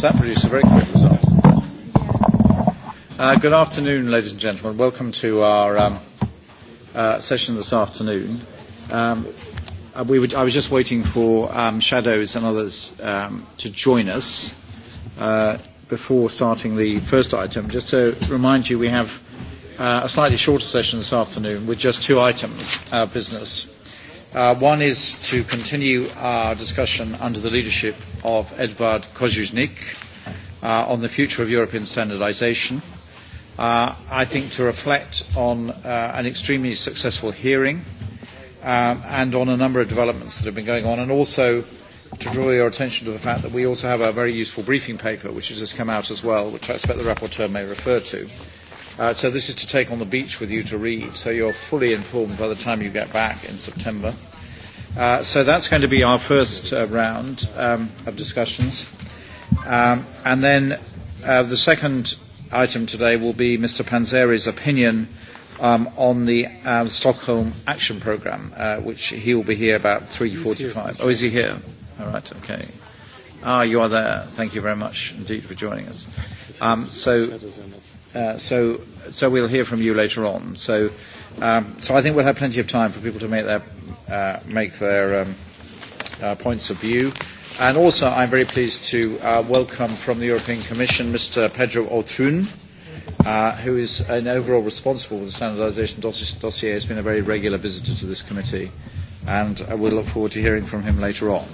That produced a very quick result. Good afternoon, ladies and gentlemen. Welcome to our session this afternoon. I was just waiting for shadows and others to join us before starting the first item. Just to remind you, we have a slightly shorter session this afternoon with just two items, our business One is to continue our discussion under the leadership of Edvard Kozuznik on the future of European standardisation. I think to reflect on an extremely successful hearing and on a number of developments that have been going on, and also to draw your attention to the fact that we also have a very useful briefing paper which has just come out as well, which I expect the rapporteur may refer to So this is to take on the beach with you to read, so you're fully informed by the time you get back in September. So that's going to be our first round of discussions. And then the second item today will be Mr. Panzeri's opinion on the Stockholm Action Programme, which he will be here about 3.45. Oh, is he here? All right, okay. Ah, you are there. Thank you very much indeed for joining us. Um, so, so so we'll hear from you later on. So, um, so I think we'll have plenty of time for people to make their uh, make their um, uh, points of view. And also, I'm very pleased to uh, welcome from the European Commission Mr. Pedro Otun, uh, who is an overall responsible for the standardisation dossier. He's been a very regular visitor to this committee, and uh, we'll look forward to hearing from him later on.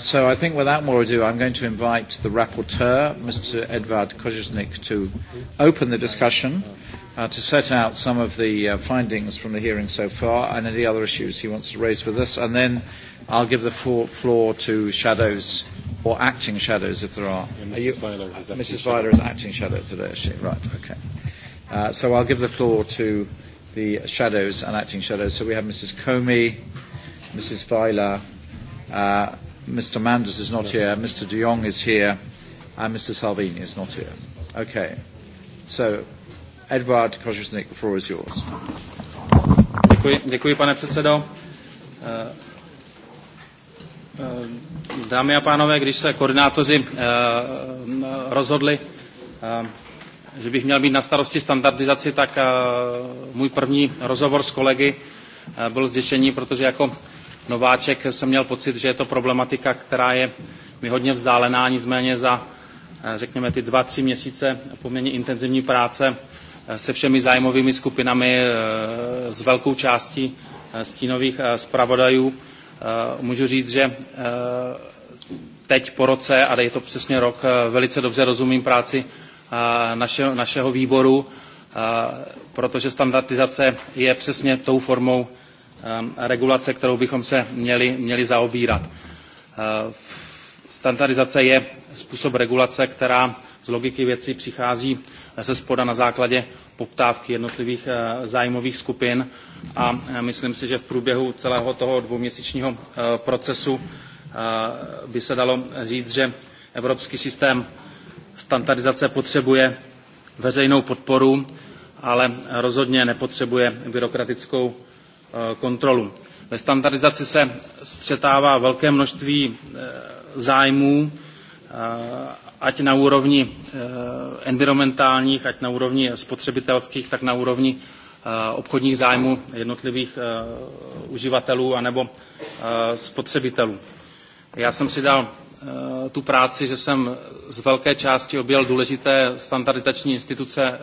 So I think without more ado, I'm going to invite the rapporteur, Mr. Edvard Kozicznik, to open the discussion, to set out some of the findings from the hearing so far and any other issues he wants to raise with us, and then I'll give the floor to shadows or acting shadows if there are. Mrs. Weiler is acting shadow today, is she? Right, okay. So I'll give the floor to the shadows and acting shadows. So we have Mrs. Comey, Mrs. Weiler, Mr. Manders is not here. Mr. De Jong is here. And Mr. Salvini is not here. Okay. So, Edward Kozhuznik, the floor is yours. Děkuji, děkuji pane předsedo. Dámy a pánové, když se koordinátoři rozhodli, že bych měl být na starosti standardizaci, tak můj první rozhovor s kolegy byl zděšení, protože jako nováček, jsem měl pocit, že je to problematika, která je mi hodně vzdálená, nicméně za, řekněme, ty dva, tři měsíce poměrně intenzivní práce se všemi zájmovými skupinami s velkou částí stínových zpravodajů. Můžu říct, že teď po roce, a je to přesně rok, velice dobře rozumím práci našeho výboru, protože standardizace je přesně tou formou regulace, kterou bychom se měli zaobírat. Standardizace je způsob regulace, která z logiky věcí přichází ze spoda na základě poptávky jednotlivých zájmových skupin a myslím si, že v průběhu celého toho dvouměsíčního procesu by se dalo říct, že evropský systém standardizace potřebuje veřejnou podporu, ale rozhodně nepotřebuje byrokratickou kontrolu. Ve standardizaci se střetává velké množství zájmů, ať na úrovni environmentálních, ať na úrovni spotřebitelských, tak na úrovni obchodních zájmů jednotlivých uživatelů anebo spotřebitelů. Já jsem si dal tu práci, že jsem z velké části objel důležité standardizační instituce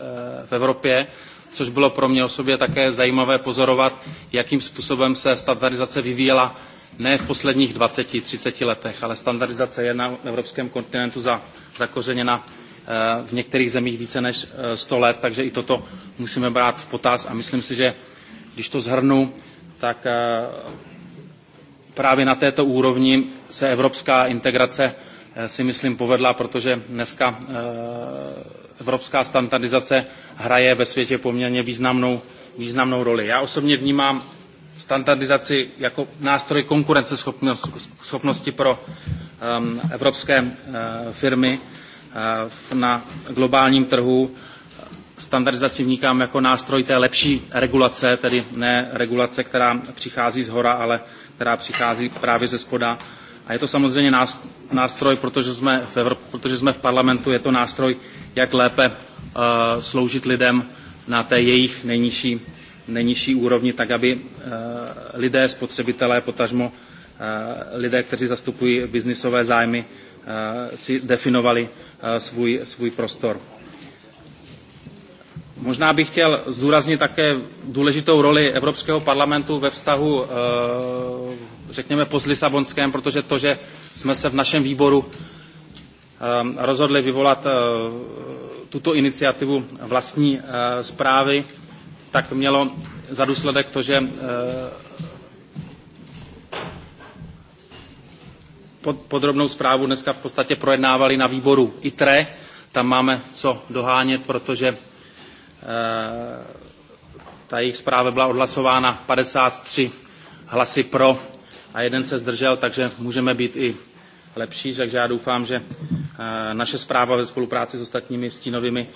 v Evropě což bylo pro mě osobně také zajímavé pozorovat, jakým způsobem se standardizace vyvíjela ne v posledních 20-30 letech, ale standardizace je na evropském kontinentu za zakořeněna v některých zemích více než 100 let, takže i toto musíme brát v potaz a myslím si, že když to zhrnu, tak právě na této úrovni se evropská integrace si myslím povedla, protože dneska evropská standardizace hraje ve světě poměrně významnou, významnou roli. Já osobně vnímám standardizaci jako nástroj konkurenceschopnosti pro evropské firmy na globálním trhu. Standardizaci vnímám jako nástroj té lepší regulace, tedy ne regulace, která přichází z hora, ale která přichází právě ze spoda A je to samozřejmě nástroj, protože jsme v, Evrop, protože jsme v parlamentu, je to nástroj, jak lépe sloužit lidem na té jejich nejnižší, nejnižší úrovni, tak aby lidé, spotřebitelé, potažmo lidé, kteří zastupují biznisové zájmy, si definovali svůj, svůj prostor. Možná bych chtěl zdůraznit také důležitou roli Evropského parlamentu ve vztahu, rekneme pozlisabonském, protože to, že jsme se v našem výboru rozhodli vyvolat tuto iniciativu vlastní zprávy, tak mělo za důsledek to, že podrobnou zprávu dneska v podstatě projednávali na výboru ITRE. Tam máme co dohánět, protože Ta jejich zpráva byla odhlasována 53 hlasy pro a jeden se zdržel, takže můžeme být i lepší, takže já doufám, že naše zpráva ve spolupráci s ostatními stínovými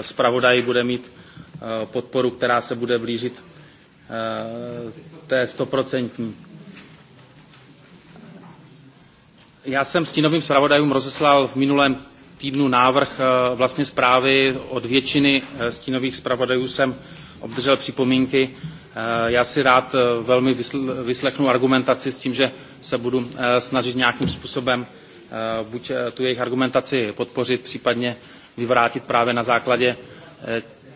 zpravodaji bude mít podporu, která se bude blížit té stoprocentní. Já jsem stínovým zpravodajům rozeslal v minulém týdnu návrh vlastně zprávy od většiny stínových zpravodajů jsem obdržel připomínky. Já si rád velmi vyslechnu argumentaci s tím, že se budu snažit nějakým způsobem buď tu jejich argumentaci podpořit, případně vyvrátit právě na základě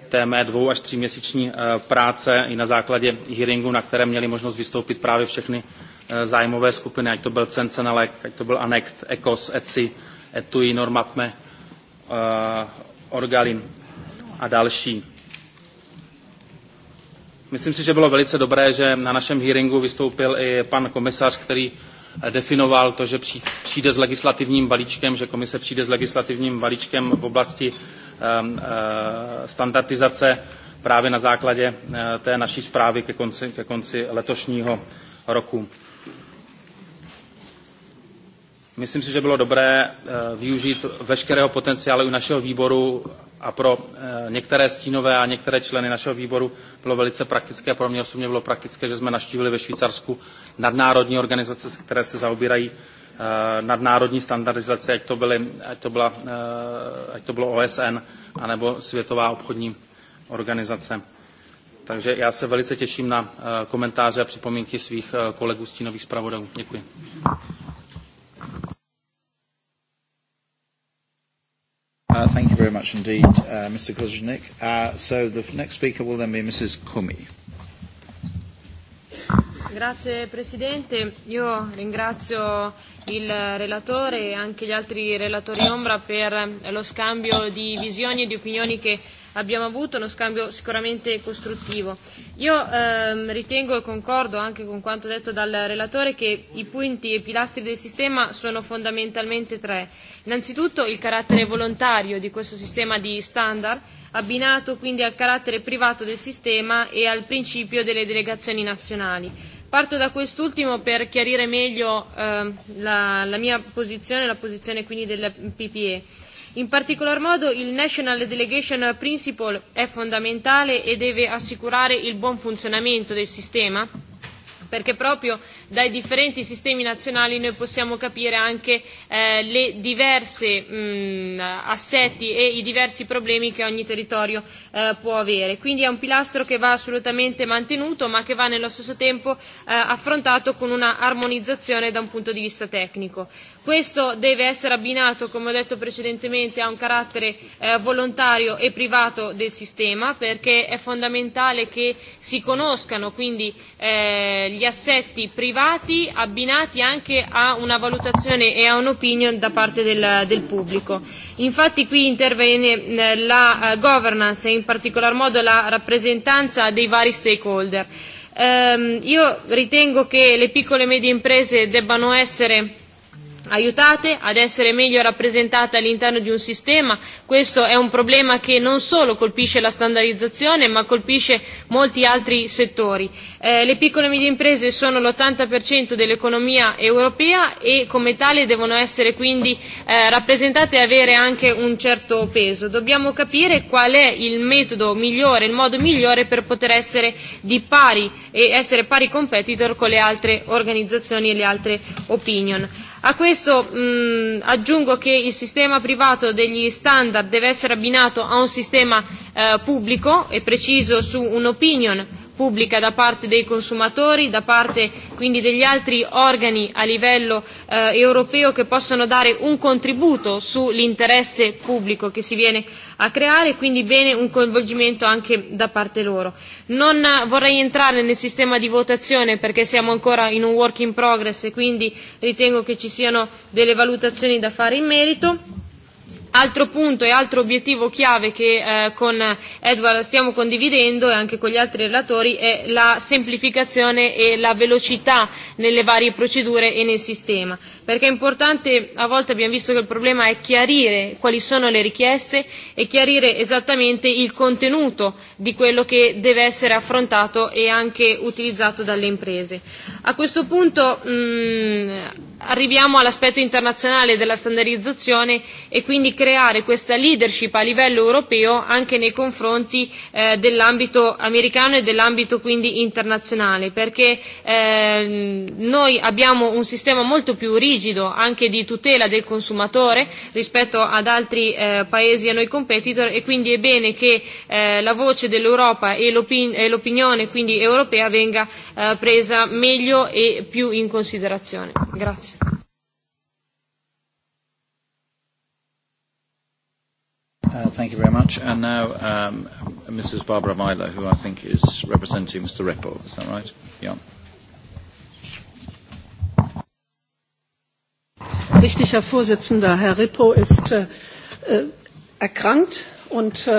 té mé dvou až tříměsíční práce i na základě hearingu, na které měli možnost vystoupit právě všechny zájmové skupiny, ať to byl Cencenalek, ať to byl ANECT, ECOS, ECI, i Normapme, Orgalin a další. Myslím si, že bylo velice dobré, že na našem hearingu vystoupil i pan komisař, který definoval to, že přijde s legislativním balíčkem, že komise přijde s legislativním balíčkem v oblasti standardizace právě na základě té naší zprávy ke konci letošního roku. Myslím si, že bylo dobré využít veškerého potenciálu u našeho výboru a pro některé stínové a některé členy našeho výboru bylo velice praktické pro mě osobně bylo praktické, že jsme naštívili ve Švýcarsku nadnárodní organizace, které se zaobírají nadnárodní standardizace, ať to, byly, ať to, byla, ať to bylo OSN anebo Světová obchodní organizace. Takže já se velice těším na komentáře a připomínky svých kolegů stínových zpravodajů. Děkuji. Thank you very much indeed, Mr. Koznik. So the next speaker will then be Mrs. Kumi. Grazie Presidente, io ringrazio il relatore e anche gli altri relatori ombra per lo scambio di visioni e di opinioni che abbiamo avuto uno scambio sicuramente costruttivo. Io ritengo e concordo anche con quanto detto dal relatore che i punti e i pilastri del sistema sono fondamentalmente tre. Innanzitutto il carattere volontario di questo sistema di standard abbinato quindi al carattere privato del sistema e al principio delle delegazioni nazionali. Parto da quest'ultimo per chiarire meglio la mia posizione e la posizione quindi del PPE. In particolar modo il National Delegation Principle è fondamentale e deve assicurare il buon funzionamento del sistema perché proprio dai differenti sistemi nazionali noi possiamo capire anche le diverse assetti e i diversi problemi che ogni territorio può avere. Quindi è un pilastro che va assolutamente mantenuto ma che va nello stesso tempo affrontato con una armonizzazione da un punto di vista tecnico. Questo deve essere abbinato, come ho detto precedentemente, a un carattere volontario e privato del sistema perché è fondamentale che si conoscano quindi gli assetti privati abbinati anche a una valutazione e a un'opinione da parte del pubblico. Infatti qui interviene la governance e in particolar modo la rappresentanza dei vari stakeholder. Io ritengo che le piccole e medie imprese debbano essere aiutate ad essere meglio rappresentate all'interno di un sistema. Questo è un problema che non solo colpisce la standardizzazione ma colpisce molti altri settori. Le piccole e medie imprese sono l'80% dell'economia europea e come tale devono essere quindi rappresentate e avere anche un certo peso. Dobbiamo capire qual è il metodo migliore, il modo migliore per poter essere di pari e essere pari competitor con le altre organizzazioni e le altre opinion. A questo aggiungo che il sistema privato degli standard deve essere abbinato a un sistema pubblico e preciso su un'opinion pubblica da parte dei consumatori, da parte quindi degli altri organi a livello europeo che possano dare un contributo sull'interesse pubblico che si viene a creare, quindi bene un coinvolgimento anche da parte loro. Non vorrei entrare nel sistema di votazione perché siamo ancora in un work in progress e quindi ritengo che ci siano delle valutazioni da fare in merito. Altro punto e altro obiettivo chiave che con Edward stiamo condividendo e anche con gli altri relatori è la semplificazione e la velocità nelle varie procedure e nel sistema. Perché è importante, a volte abbiamo visto che il problema è chiarire quali sono le richieste e chiarire esattamente il contenuto di quello che deve essere affrontato e anche utilizzato dalle imprese. A questo punto arriviamo all'aspetto internazionale della standardizzazione e quindi creare questa leadership a livello europeo anche nei confronti confronti dell'ambito americano e dell'ambito quindi internazionale perché noi abbiamo un sistema molto più rigido anche di tutela del consumatore rispetto ad altri paesi a noi competitor e quindi è bene che la voce dell'Europa e l'opinione quindi europea venga presa meglio e più in considerazione. Grazie. Thank you very much. And now Mrs. Barbara Myler, who I think is representing Mr. Repo. Is that right? Yeah. Richtiger Vorsitzender. Herr Repo ist erkrankt und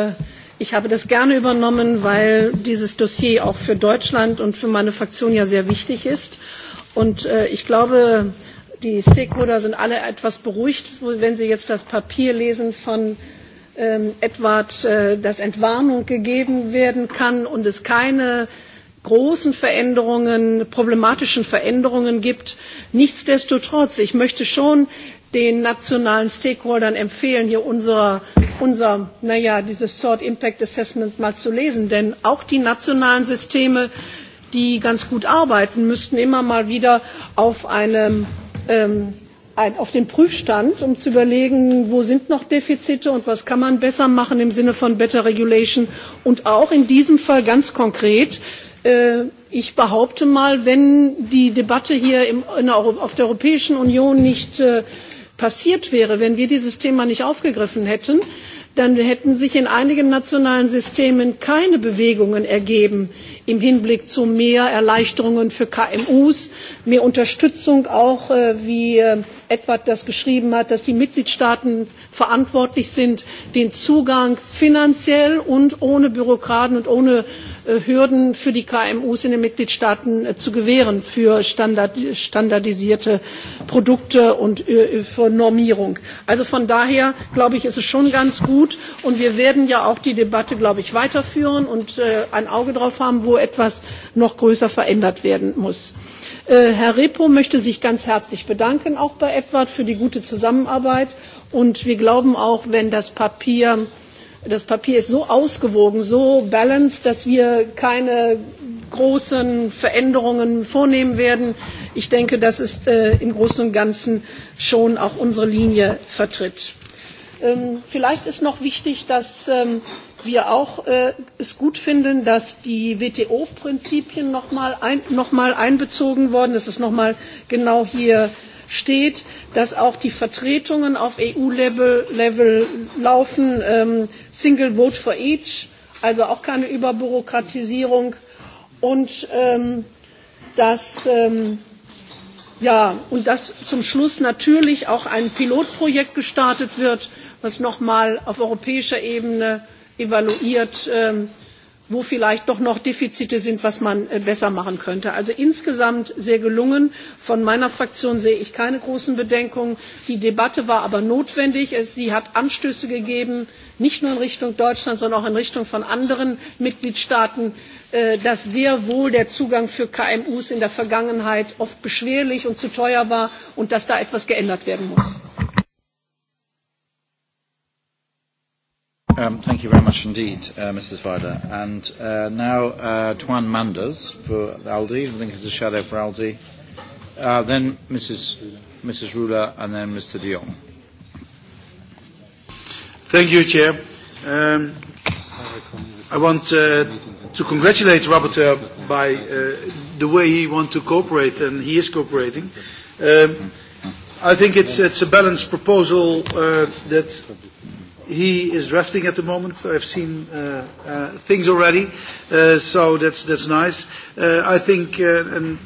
ich habe das gerne übernommen, weil dieses Dossier auch für Deutschland und für meine Fraktion ja sehr wichtig ist. Und ich glaube, die Stakeholder sind alle etwas beruhigt, wenn sie jetzt das Papier lesen von etwa dass Entwarnung gegeben werden kann und es keine großen Veränderungen, problematischen Veränderungen gibt. Nichtsdestotrotz, ich möchte schon den nationalen Stakeholdern empfehlen, hier unser, naja, dieses Sort Impact Assessment mal zu lesen, denn auch die nationalen Systeme, die ganz gut arbeiten, müssten immer mal wieder auf einem auf den Prüfstand, um zu überlegen, wo sind noch Defizite und was kann man besser machen im Sinne von Better Regulation und auch in diesem Fall ganz konkret ich behaupte mal, wenn die Debatte hier auf der Europäischen Union nicht passiert wäre, wenn wir dieses Thema nicht aufgegriffen hätten, dann hätten sich in einigen nationalen Systemen keine Bewegungen ergeben, im Hinblick zu mehr Erleichterungen für KMUs, mehr Unterstützung auch, wie Edward das geschrieben hat, dass die Mitgliedstaaten verantwortlich sind, den Zugang finanziell und ohne Bürokraten und ohne Hürden für die KMUs in den Mitgliedstaaten zu gewähren für standardisierte Produkte und für Normierung. Also von daher glaube ich, ist es schon ganz gut und wir werden ja auch die Debatte, glaube ich, weiterführen und ein Auge darauf haben, wo etwas noch größer verändert werden muss. Herr Repo möchte sich ganz herzlich bedanken, auch bei Edward, für die gute Zusammenarbeit. Und wir glauben auch, wenn das Papier, das Papier ist so ausgewogen, so balanced, dass wir keine großen Veränderungen vornehmen werden. Ich denke, das ist im Großen und Ganzen schon auch unsere Linie vertritt. Vielleicht ist noch wichtig, dass wir auch es gut finden, dass die WTO-Prinzipien noch mal einbezogen wurden, dass es nochmal genau hier steht, dass auch die Vertretungen auf EU-Level laufen, Single Vote for Each, also auch keine Überbürokratisierung und dass zum schluss natürlich auch ein pilotprojekt gestartet wird was noch mal auf europäischer ebene evaluiert, wo vielleicht doch noch Defizite sind, was man besser machen könnte. Also insgesamt sehr gelungen. Von meiner Fraktion sehe ich keine großen Bedenken. Die Debatte war aber notwendig. Sie hat Anstöße gegeben, nicht nur in Richtung Deutschland, sondern auch in Richtung von anderen Mitgliedstaaten dass sehr wohl der Zugang für KMU in der Vergangenheit oft beschwerlich und zu teuer war und dass da etwas geändert werden muss. Thank you very much indeed, Mrs. Vida. And now, Tuan Manders for ALDI. I think it's a shadow for ALDI. Then Mrs. Mrs Rula and then Mr. Dion. Thank you, Chair. I want to congratulate Rapporteur by the way he wants to cooperate, and he is cooperating. Um I think it's a balanced proposal that He is drafting at the moment. I've seen things already, so that's that's nice. I think, and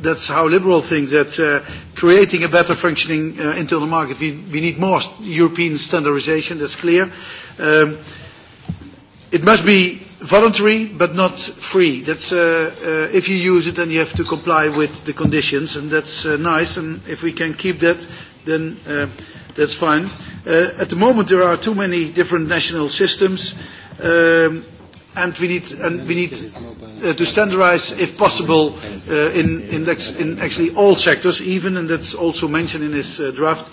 that's how liberal thinks that creating a better functioning internal market, we we need more European standardisation. That's clear. It must be voluntary but not free. That's if you use it, then you have to comply with the conditions, and that's nice. And if we can keep that, then that's fine. At the moment there are too many different national systems and we need we need to standardize if possible in in actually all sectors even and that's also mentioned in this draft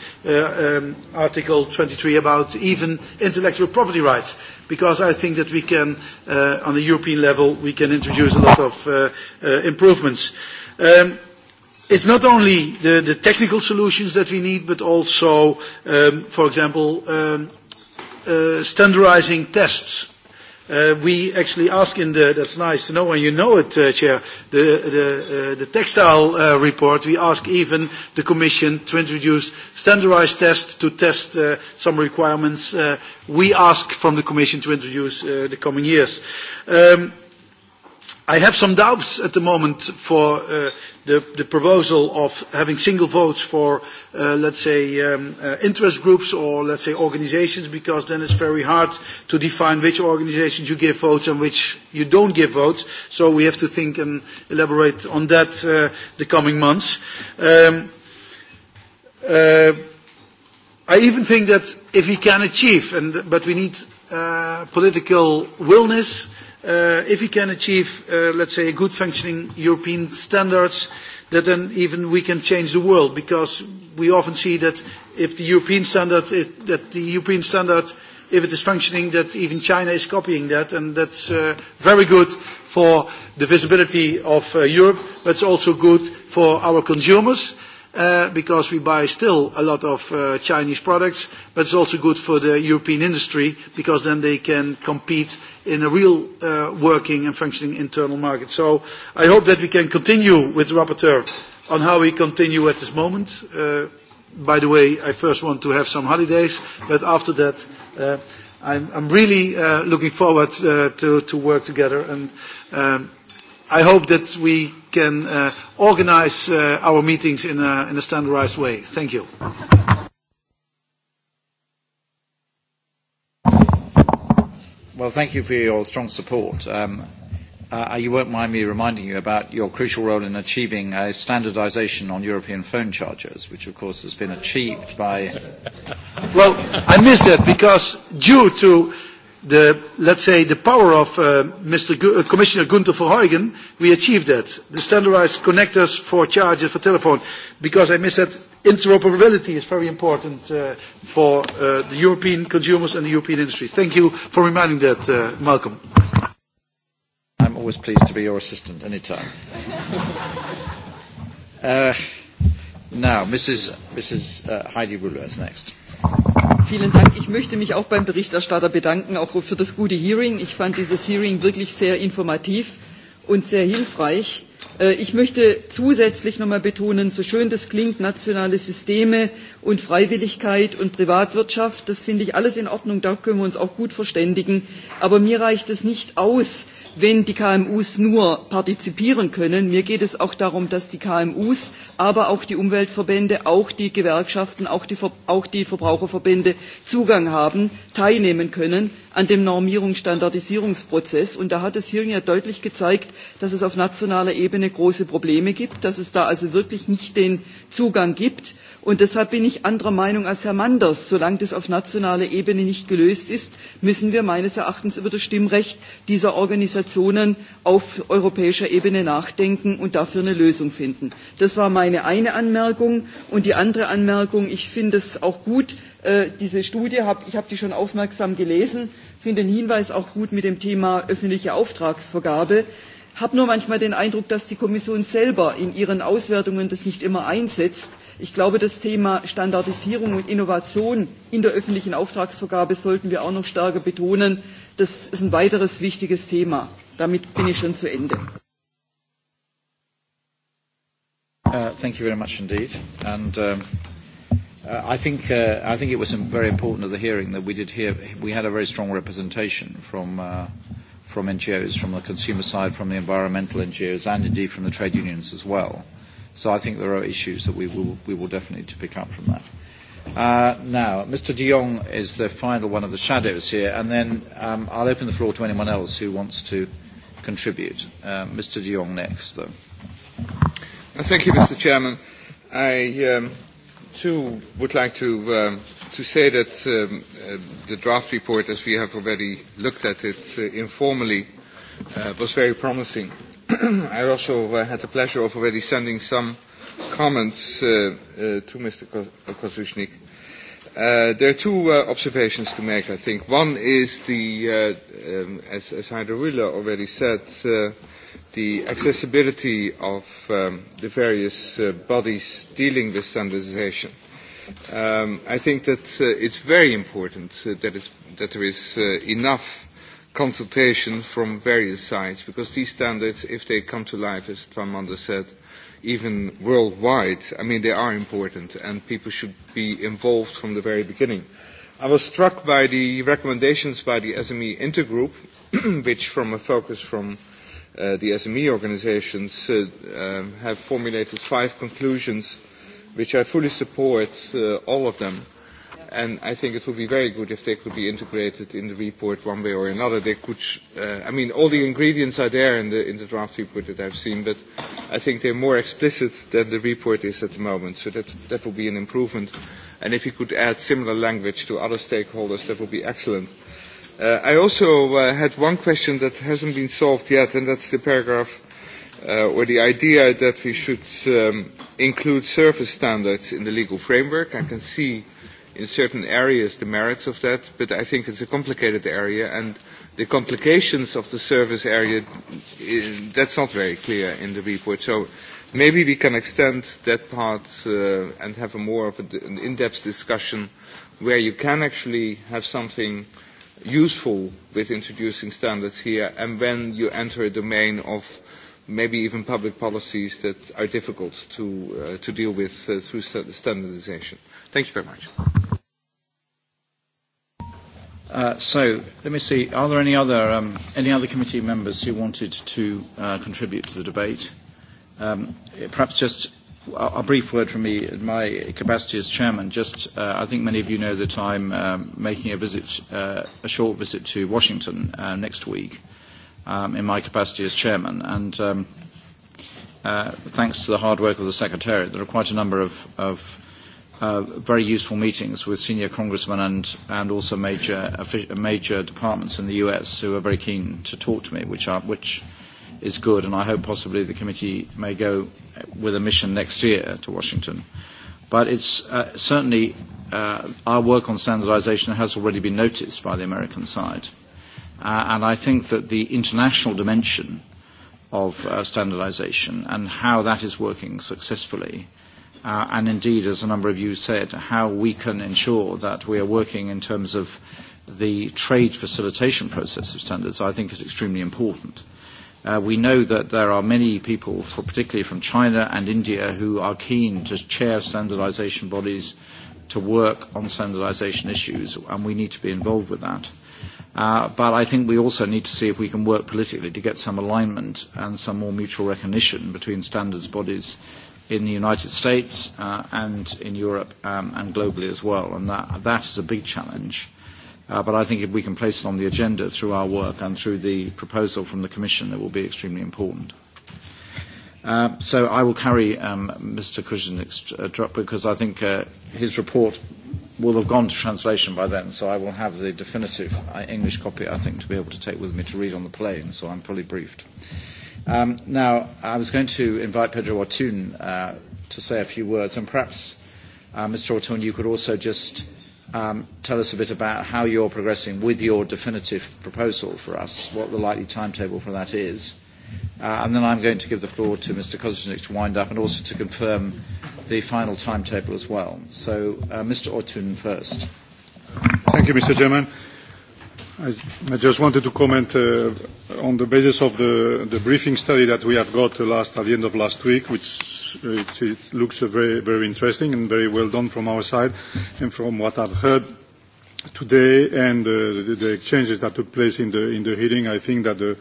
article 23 about even intellectual property rights because i think that we can on the european level we can introduce a lot of improvements um It's not only the technical solutions that we need, but also, for example, standardizing tests. We actually ask in the, that's nice to know, and you know it, Chair, the the textile report, we ask even the Commission to introduce standardized tests to test some requirements we ask from the Commission to introduce the coming years. I have some doubts at the moment for the proposal of having single votes for, let's say, interest groups or, let's say, organizations, because then it's very hard to define which organizations you give votes and which you don't give votes. So we have to think and elaborate on that the coming months. I even think that if we can achieve, but we need political willness, if we can achieve, let's say, good functioning European standards, that then even we can change the world, because we often see that if the European standard, that the European standard, if it is functioning, that even China is copying that, and that is very good for the visibility of Europe, but it is also good for our consumers because we buy still a lot of Chinese products, but it's also good for the European industry because then they can compete in a real working and functioning internal market. So I hope that we can continue with the rapporteur on how we continue at this moment. By the way, I first want to have some holidays, but after that I'm really looking forward to work together and I hope that we can organize our meetings in a standardized way. Thank you. Well, thank you for your strong support. You won't mind me reminding you about your crucial role in achieving a standardization on European phone chargers, which of course has been achieved by. Well, I missed that because due to the, let's say, the power of Mr. Commissioner Gunther Verheugen, we achieved that. The standardized connectors for charges for telephone, because I miss that interoperability is very important for the European consumers and the European industry. Thank you for reminding that, Malcolm. I'm always pleased to be your assistant anytime. Now, Mrs. Heidi Ruler is next. Vielen Dank. Ich möchte mich auch beim Berichterstatter bedanken, auch für das gute Hearing. Ich fand dieses Hearing wirklich sehr informativ und sehr hilfreich. Ich möchte zusätzlich noch einmal betonen, so schön das klingt, nationale Systeme und Freiwilligkeit und Privatwirtschaft, das finde ich alles in Ordnung, da können wir uns auch gut verständigen. Aber mir reicht es nicht aus, wenn die KMU nur partizipieren können. Mir geht es auch darum, dass die KMU, aber auch die Umweltverbände, auch die Gewerkschaften, auch die Verbraucherverbände Zugang haben, teilnehmen können an dem Normierungsstandardisierungsprozess, Standardisierungsprozess. Und da hat es hier ja deutlich gezeigt, dass es auf nationaler Ebene große Probleme gibt, dass es da also wirklich nicht den Zugang gibt Und deshalb bin ich anderer Meinung als Herr Manders. Solange das auf nationaler Ebene nicht gelöst ist, müssen wir meines Erachtens über das Stimmrecht dieser Organisationen auf europäischer Ebene nachdenken und dafür eine Lösung finden. Das war meine eine Anmerkung. Und die andere Anmerkung, ich finde es auch gut, diese Studie, ich habe die schon aufmerksam gelesen, finde den Hinweis auch gut mit dem Thema öffentliche Auftragsvergabe habe nur manchmal den Eindruck, dass die Kommission selber in ihren Auswertungen das nicht immer einsetzt. Ich glaube, das Thema Standardisierung und Innovation in der öffentlichen Auftragsvergabe sollten wir auch noch stärker betonen. Das ist ein weiteres wichtiges Thema. Damit bin ich schon zu Ende. Thank you very much indeed. And I think I think it was very important at the hearing that we did hear we had a very strong representation from from NGOs, from the consumer side, from the environmental NGOs, and indeed from the trade unions as well. So I think there are issues that we will, we will definitely to pick up from that. now, Mr. de Jong is the final one of the shadows here, and then um, I'll open the floor to anyone else who wants to contribute. Mr. de Jong next, though. Thank you, Mr. Chairman. I too would like to say that the draft report, as we have already looked at it informally, was very promising. I also had the pleasure of already sending some comments to Mr. Uh, There are two observations to make, I think. One is the, as Heider Wille already said, the accessibility of the various bodies dealing with standardization. I think that it's very important that there is enough consultation from various sides, because these standards, if they come to life, as Twamanda said, even worldwide, I mean, they are important, and people should be involved from the very beginning. I was struck by the recommendations by the SME Intergroup, which, from a focus from the SME organizations, have formulated five conclusions, which I fully support all of them and I think it would be very good if they could be integrated in the report one way or another. They could, I mean, all the ingredients are there in the in the draft report that I've seen, but I think they're more explicit than the report is at the moment. So that that would be an improvement, and if you could add similar language to other stakeholders, that would be excellent. I also had one question that hasn't been solved yet, and that's the paragraph or the idea that we should include service standards in the legal framework. I can see in certain areas the merits of that, but I think it's a complicated area, and the complications of the service area, that's not very clear in the report. So maybe we can extend that part and have a more of an in-depth discussion where you can actually have something useful with introducing standards here, and when you enter a domain of maybe even public policies that are difficult to deal with through standardization. Thank you very much. So let me see. Are there any other any other committee members who wanted to contribute to the debate? Perhaps just a brief word from me in my capacity as chairman. Just I think many of you know that I'm making a visit, a short visit to Washington next week in my capacity as chairman. And thanks to the hard work of the secretariat, there are quite a number of very useful meetings with senior congressmen and and also major major departments in the US who are very keen to talk to me, which are which is good, and I hope possibly the committee may go with a mission next year to Washington. But it's certainly our work on standardization has already been noticed by the American side, and I think that the international dimension of standardization and how that is working successfully and indeed, as a number of you said, how we can ensure that we are working in terms of the trade facilitation process of standards, I think is extremely important. We know that there are many people, particularly from China and India, who are keen to chair standardization bodies to work on standardization issues, and we need to be involved with that. But I think we also need to see if we can work politically to get some alignment and some more mutual recognition between standards bodies in the United States and in Europe and globally as well. And that is a big challenge. But I think if we can place it on the agenda through our work and through the proposal from the Commission, it will be extremely important. So I will carry Mr. Kuzinek's drop because I think his report will have gone to translation by then, so I will have the definitive English copy, I think, to be able to take with me to read on the plane, so I'm fully briefed. Now, I was going to invite Pedro Ortun to say a few words, and perhaps, Mr. Ortun, you could also just tell us a bit about how you're progressing with your definitive proposal for us, what the likely timetable for that is. And then I'm going to give the floor to Mr. Kozicnik to wind up and also to confirm the final timetable as well. So, Mr. Ortun first. Thank you, Mr. Chairman. I just wanted to comment on the basis of the briefing study that we have got last at the end of last week, which looks very, very interesting and very well done from our side, and from what I've heard today and the exchanges that took place in the in the hearing, I think that the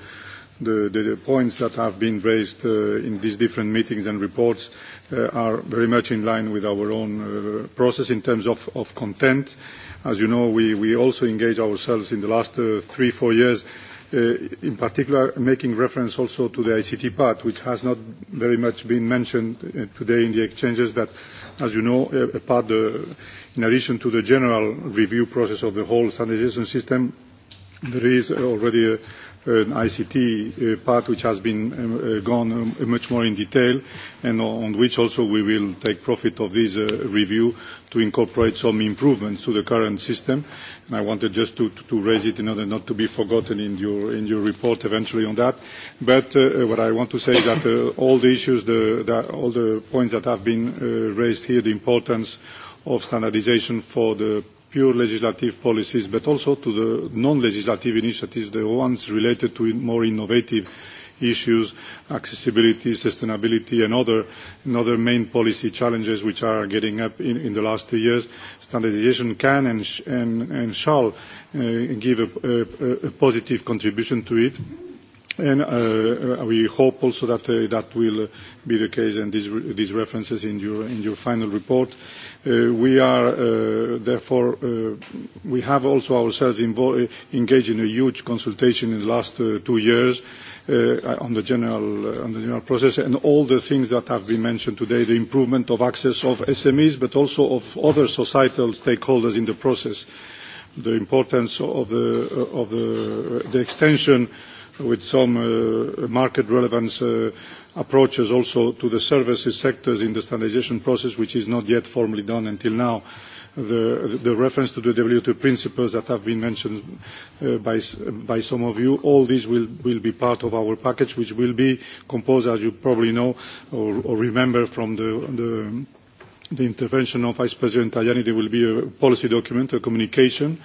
the points that have been raised in these different meetings and reports are very much in line with our own process in terms of content As you know, we also engage ourselves in the last three, four years, in particular making reference also to the ICT part, which has not very much been mentioned today in the exchanges, but as you know, apart in addition to the general review process of the whole sanitation system, there is already an ICT part which has been gone much more in detail and on which also we will take profit of this review to incorporate some improvements to the current system. I wanted just to raise it in order not to be forgotten in your report eventually on that. But what I want to say is that all the issues, all the points that have been raised here, the importance of standardization for the pure legislative policies, but also to the non-legislative initiatives, the ones related to more innovative issues, accessibility, sustainability, and other main policy challenges which are getting up in the last two years. standardisation can and shall give a positive contribution to it And we hope also that that will be the case and these references in your final report. We are therefore we have also ourselves engaged in a huge consultation in the last two years on the general process and all the things that have been mentioned today, the improvement of access of SMEs but also of other societal stakeholders in the process, the importance of the extension with some market relevance approaches also to the services sectors in the standardisation process, which is not yet formally done until now. The reference to the WTO principles that have been mentioned by some of you, all these will be part of our package, which will be composed, as you probably know or remember from the intervention of Vice President Tajani, there will be a policy document, a communication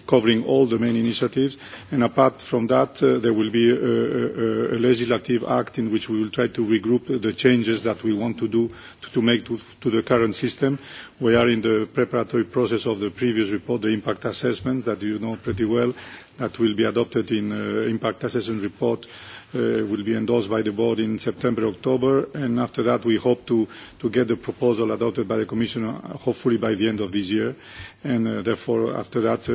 covering all the main initiatives. And apart from that, there will be a legislative act in which we will try to regroup the changes that we want to do to make to the current system. We are in the preparatory process of the previous report, the impact assessment that you know pretty well, that will be adopted in impact assessment report will be endorsed by the board in September, October, and after that we hope to get the proposal adopted by the Commission hopefully by the end of this year, and therefore after that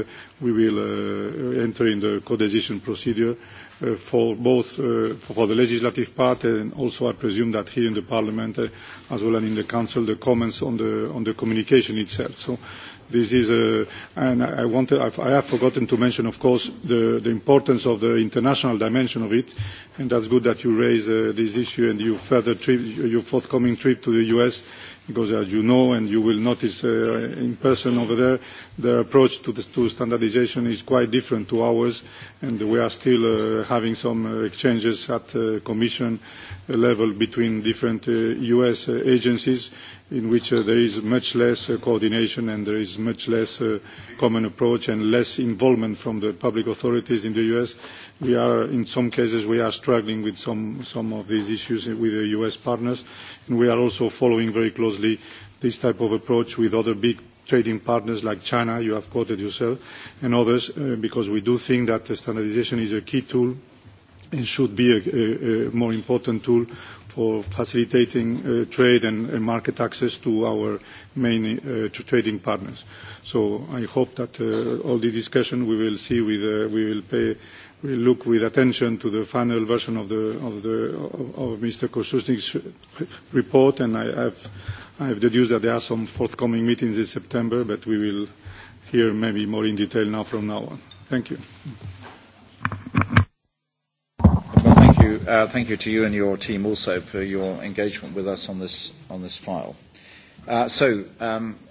we will enter in the co procedure for both for the legislative part and also I presume that here in the Parliament as well as in the Council the comments on the on the communication itself. So this is a and I wanted I have forgotten to mention of course the the importance of the international dimension of it and that's good that you raise this issue and you further trip your forthcoming trip to the US because as you know and you will notice in person over there, their approach to standardization is quite different to ours, and we are still having some exchanges at Commission level between different U.S. agencies in which there is much less coordination and there is much less common approach and less involvement from the public authorities in the U.S. We are, in some cases, we are struggling with some some of these issues with the U.S. partners, and we are also following very closely this type of approach with other big trading partners like China, you have quoted yourself, and others, because we do think that standardization is a key tool and should be a more important tool for facilitating trade and market access to our main trading partners. So I hope that all the discussion we will see with we will pay we look with attention to the final version of the of the of Mr. Kosusnik's report and I have I have deduced that there are some forthcoming meetings in September but we will hear maybe more in detail now from now on. Thank you you. Thank you to you and your team also for your engagement with us on this on this file. So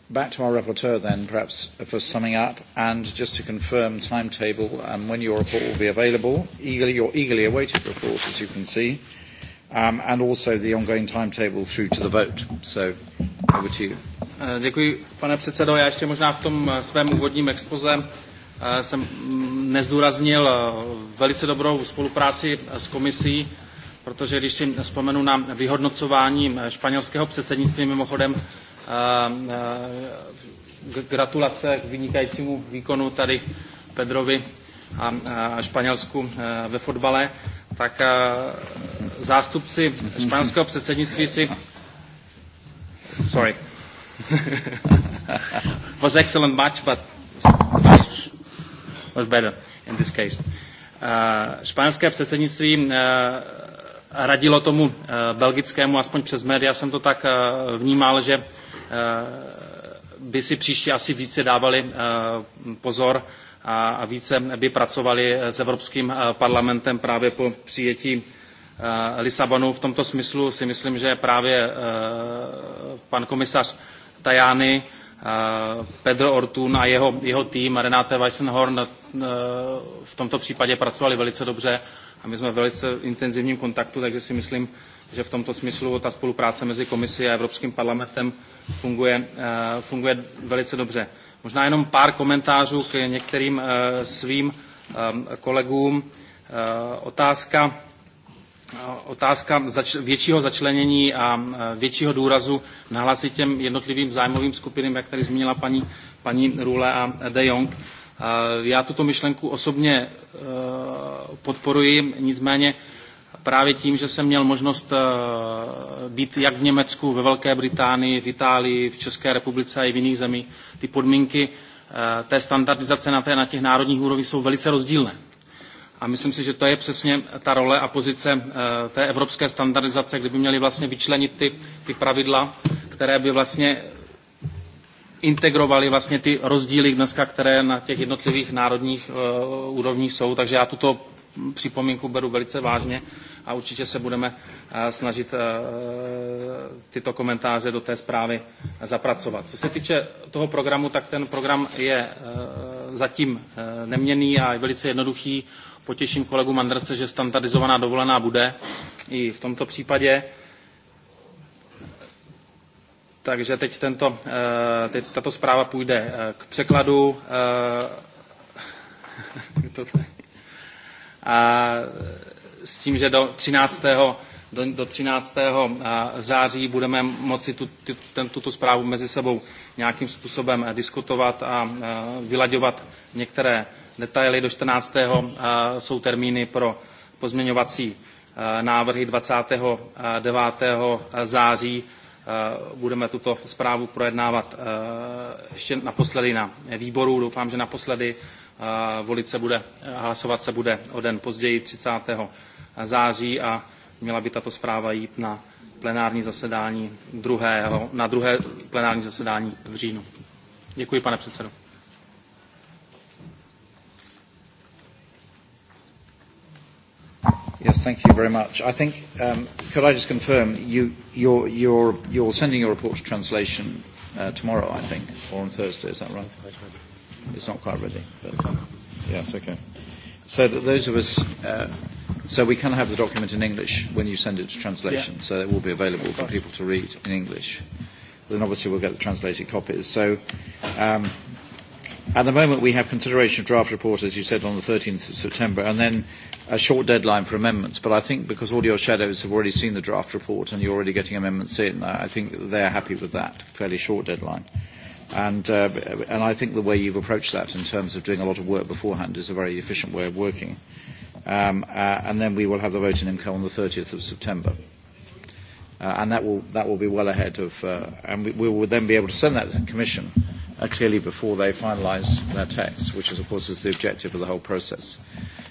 back to our rapporteur then, perhaps for summing up and just to confirm timetable and when your report will be available. Eagerly, your eagerly awaited report, as you can see, and also the ongoing timetable through to the vote. So over to you. Já možná v tom jsem nezdůraznil velice dobrou spolupráci s komisí, protože když si vzpomenu na vyhodnocování španělského předsednictví, mimochodem gratulace k vynikajícímu výkonu tady Pedrovi a Španělsku ve fotbale, tak zástupci španělského předsednictví si sorry was excellent match but was better in this case. Španělské předsednictví radilo tomu belgickému, aspoň přes média jsem to tak vnímal, že by si příště asi více dávali pozor a více by pracovali s Evropským parlamentem právě po přijetí Lisabonu. V tomto smyslu si myslím, že právě pan komisař Tajany, Pedro Ortun a jeho tým, Renate Weissenhorn, v tomto případě pracovali velice dobře a my jsme v velice intenzivním kontaktu, takže si myslím, že v tomto smyslu ta spolupráce mezi komisí a Evropským parlamentem funguje velice dobře. Možná jenom pár komentářů k některým svým kolegům. Otázka otázka většího začlenění a většího důrazu na těm jednotlivým zájmovým skupinám, jak tady zmínila paní Rule a De Jong. Já tuto myšlenku osobně podporuji, nicméně právě tím, že jsem měl možnost být jak v Německu, ve Velké Británii, v Itálii, v České republice a i v jiných zemích, ty podmínky té standardizace na, té, na těch národních úrovních jsou velice rozdílné. A myslím si, že to je přesně ta role a pozice té evropské standardizace, kdyby měli vlastně vyčlenit ty, ty pravidla, které by vlastně integrovali vlastně ty rozdíly dneska, které na těch jednotlivých národních úrovních jsou. Takže já tuto připomínku beru velice vážně a určitě se budeme snažit tyto komentáře do té zprávy zapracovat. Co se týče toho programu, tak ten program je zatím neměný a je velice jednoduchý. Potěším kolegu Mandrse, že standardizovaná dovolená bude i v tomto případě. Takže teď tento, teď tato zpráva půjde k překladu. A s tím, že do 13. Do, do 13. září budeme moci tu, tu, tuto zprávu mezi sebou nějakým způsobem diskutovat a vylaďovat některé detaily. Do 14. jsou termíny pro pozměňovací návrhy 29. září budeme tuto zprávu projednávat ještě naposledy na výboru. Doufám, že naposledy volit se bude, hlasovat se bude o den později 30. září a měla by tato zpráva jít na plenární zasedání druhého, na druhé plenární zasedání v říjnu. Děkuji, pane předsedo. Yes, thank you very much. I think, could I just confirm, you, you're, you're, you're sending your report to translation tomorrow, I think, or on Thursday, is that right? It's not quite ready, but yes, okay. So that those of us, so we can have the document in English when you send it to translation, so it will be available for people to read in English. Then obviously we'll get the translated copies. So um, At the moment, we have consideration of draft report, as you said, on the 13th of September, and then a short deadline for amendments. But I think because all your shadows have already seen the draft report and you're already getting amendments in, I think they're happy with that fairly short deadline. And I think the way you've approached that in terms of doing a lot of work beforehand is a very efficient way of working. And then we will have the vote in IMCO on the 30th of September. And that will be well ahead of, and we will then be able to send that to the Commission clearly before they finalise their text, which is, of course, is the objective of the whole process.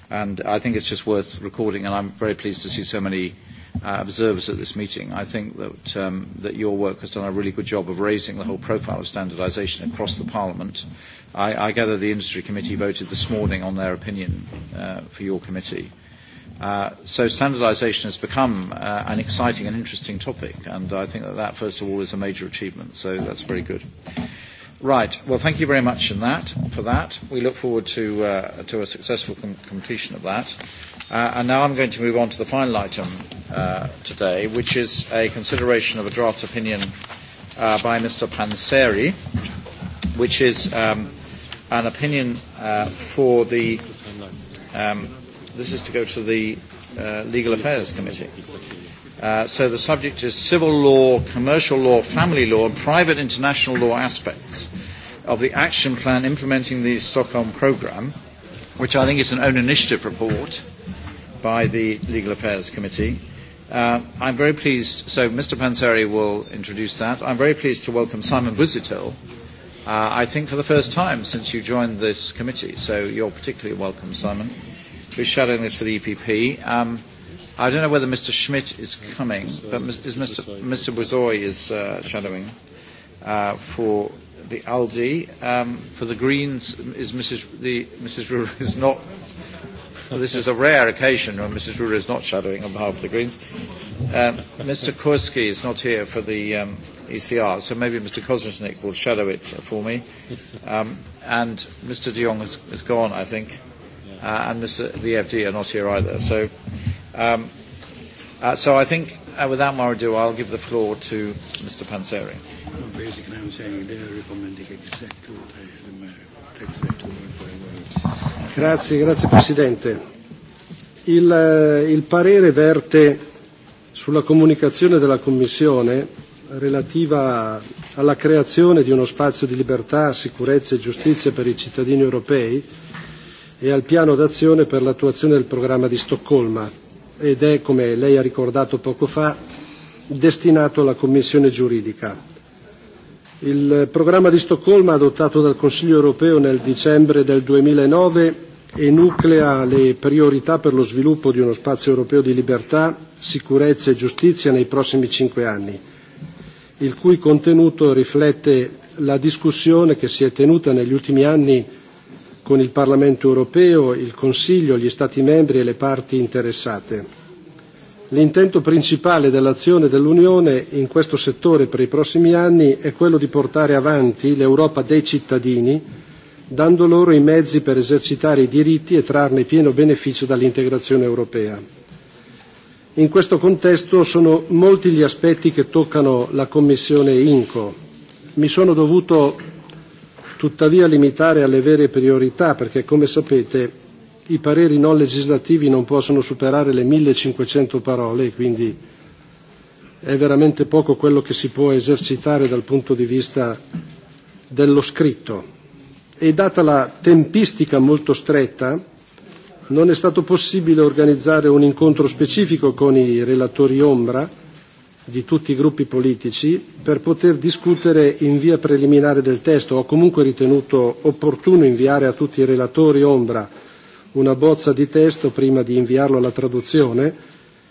And I think it's just worth recording, and I'm very pleased to see so many observers at this meeting. I think that, that your work has done a really good job of raising the whole profile of standardisation across the Parliament. I, I gather the Industry Committee voted this morning on their opinion for your committee. So standardisation has become an exciting and interesting topic, and I think that that, first of all, is a major achievement, so that's very good. Right. Well, thank you very much in that, for that. We look forward to, to a successful completion of that. and now I'm going to move on to the final item today, which is a consideration of a draft opinion by Mr. Panseri, which is an opinion for the. this is to go to the Legal Affairs Committee. So the subject is civil law, commercial law, family law, and private international law aspects of the action plan implementing the Stockholm programme, which I think is an own initiative report by the Legal Affairs Committee. I'm very pleased, so Mr. Panseri will introduce that. I'm very pleased to welcome Simon Uh, I think for the first time since you joined this committee. So you're particularly welcome, Simon, who's shadowing this for the EPP. Um I don't know whether Mr. Schmidt is coming, but is Mr. Mr. Buzoy is uh, shadowing uh, for the ALDI. Um, for the Greens is Mrs. The Mrs. is not. this is a rare occasion when Mrs. Rura is not shadowing on behalf of the Greens. Um, Mr. Kurski is not here for the um, ECR, so maybe Mr. Koznick will shadow it for me. Um, and Mr. De Jong is, is gone, I think, uh, and Mr. the FD are not here either. So. So I think, without more ado, I'll give the floor to Mr. Panseri. Grazie, grazie Presidente. Il, il parere verte sulla comunicazione della Commissione relativa alla creazione di uno spazio di libertà, sicurezza e giustizia per i cittadini europei e al piano d'azione per l'attuazione del programma di Stoccolma ed è, come lei ha ricordato poco fa, destinato alla Commissione giuridica. Il programma di Stoccolma adottato dal Consiglio europeo nel dicembre del 2009 enuclea le priorità per lo sviluppo di uno spazio europeo di libertà, sicurezza e giustizia nei prossimi cinque anni, il cui contenuto riflette la discussione che si è tenuta negli ultimi anni con il Parlamento europeo, il Consiglio, gli Stati membri e le parti interessate. L'intento principale dell'azione dell'Unione in questo settore per i prossimi anni è quello di portare avanti l'Europa dei cittadini, dando loro i mezzi per esercitare i diritti e trarne pieno beneficio dall'integrazione europea. In questo contesto sono molti gli aspetti che toccano la Commissione INCO. Mi sono dovuto tuttavia limitare alle vere priorità perché come sapete i pareri non legislativi non possono superare le 1500 parole quindi è veramente poco quello che si può esercitare dal punto di vista dello scritto e data la tempistica molto stretta non è stato possibile organizzare un incontro specifico con i relatori ombra di tutti i gruppi politici per poter discutere in via preliminare del testo. Ho comunque ritenuto opportuno inviare a tutti i relatori ombra una bozza di testo prima di inviarlo alla traduzione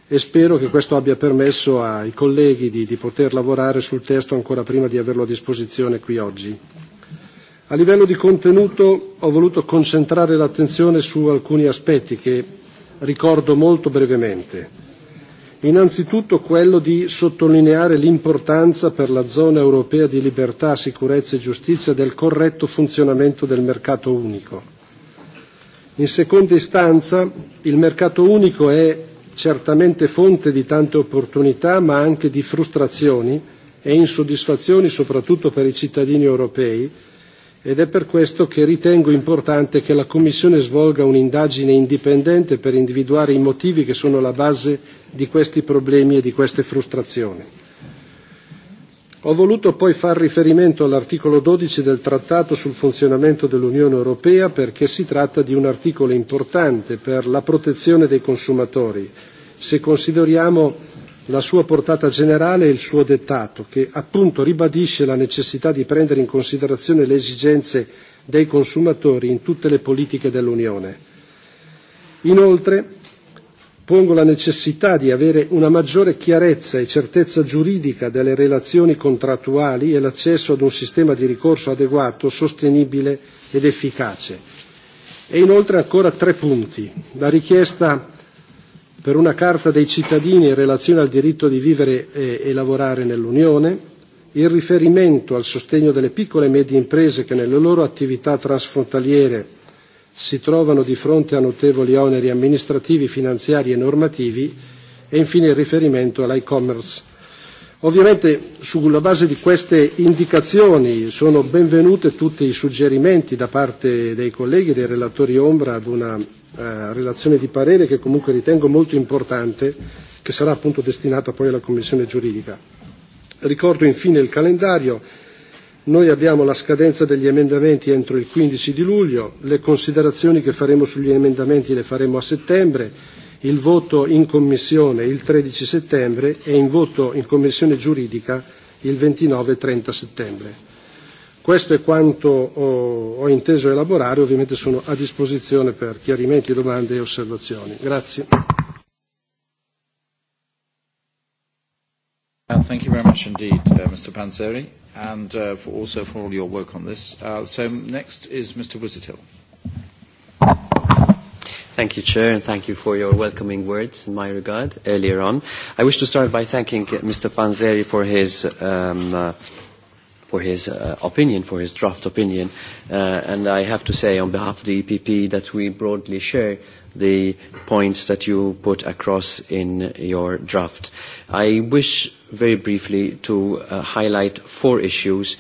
e spero che questo abbia permesso ai colleghi di poter lavorare sul testo ancora prima di averlo a disposizione qui oggi. A livello di contenuto ho voluto concentrare l'attenzione su alcuni aspetti che ricordo molto brevemente innanzitutto quello di sottolineare l'importanza per la zona europea di libertà, sicurezza e giustizia del corretto funzionamento del mercato unico. In seconda istanza, il mercato unico è certamente fonte di tante opportunità, ma anche di frustrazioni e insoddisfazioni soprattutto per i cittadini europei ed è per questo che ritengo importante che la Commissione svolga un'indagine indipendente per individuare i motivi che sono alla base di questi problemi e di queste frustrazioni. Ho voluto poi far riferimento all'articolo 12 del Trattato sul funzionamento dell'Unione Europea perché si tratta di un articolo importante per la protezione dei consumatori, se consideriamo la sua portata generale e il suo dettato, che appunto ribadisce la necessità di prendere in considerazione le esigenze dei consumatori in tutte le politiche dell'Unione. Inoltre, pongo la necessità di avere una maggiore chiarezza e certezza giuridica delle relazioni contrattuali e l'accesso ad un sistema di ricorso adeguato, sostenibile ed efficace. E inoltre ancora tre punti. La richiesta per una carta dei cittadini in relazione al diritto di vivere e lavorare nell'Unione, il riferimento al sostegno delle piccole e medie imprese che nelle loro attività transfrontaliere si trovano di fronte a notevoli oneri amministrativi, finanziari e normativi e infine il riferimento all'e-commerce Ovviamente sulla base di queste indicazioni sono benvenute tutti i suggerimenti da parte dei colleghi e dei relatori ombra ad una relazione di parere che comunque ritengo molto importante, che sarà appunto destinata poi alla Commissione giuridica. Ricordo infine il calendario. Noi abbiamo la scadenza degli emendamenti entro il 15 di luglio, le considerazioni che faremo sugli emendamenti le faremo a settembre, il voto in commissione il 13 settembre e in voto in commissione giuridica il 29 30 settembre. Questo è quanto ho inteso elaborare, ovviamente sono a disposizione per chiarimenti, domande e osservazioni. Grazie. Thank you very much indeed, Mr. Panzeri, and also for all your work on this. So next is Mr. Thank you, Chair, and thank you for your welcoming words in my regard earlier on. I wish to start by thanking Mr. Panzeri for his for his opinion, for his draft opinion, and I have to say on behalf of the EPP that we broadly share the points that you put across in your draft. I wish very briefly to highlight four issues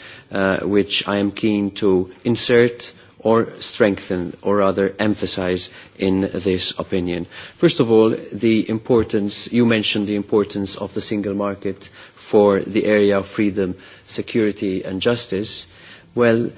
which I am keen to insert or strengthen or rather emphasise in this opinion. First of all, the importance, you mentioned the importance of the single market for the area of freedom, security and justice. Well,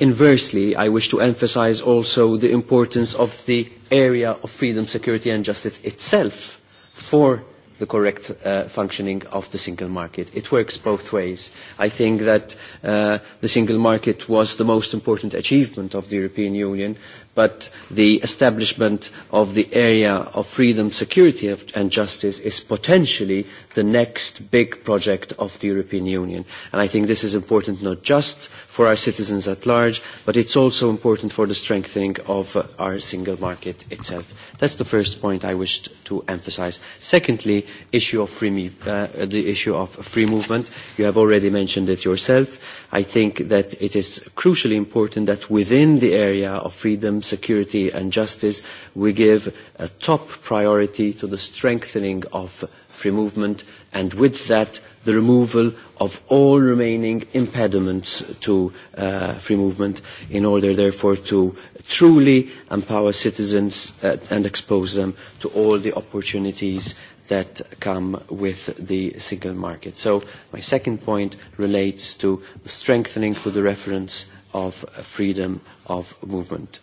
inversely, I wish to emphasise also the importance of the area of freedom, security and justice itself for the correct functioning of the single market. It works both ways. I think that the single market was the most important achievement of the European Union but the establishment of the area of freedom, security and justice is potentially the next big project of the European Union. And I think this is important not just for our citizens at large, but it's also important for the strengthening of our single market itself. That's the first point I wished to emphasize. Secondly, the issue of free movement. You have already mentioned it yourself I think that it is crucially important that within the area of freedom, security and justice we give a top priority to the strengthening of free movement and with that the removal of all remaining impediments to free movement in order therefore to truly empower citizens and expose them to all the opportunities that come with the single market. So my second point relates to strengthening for the reference of freedom of movement.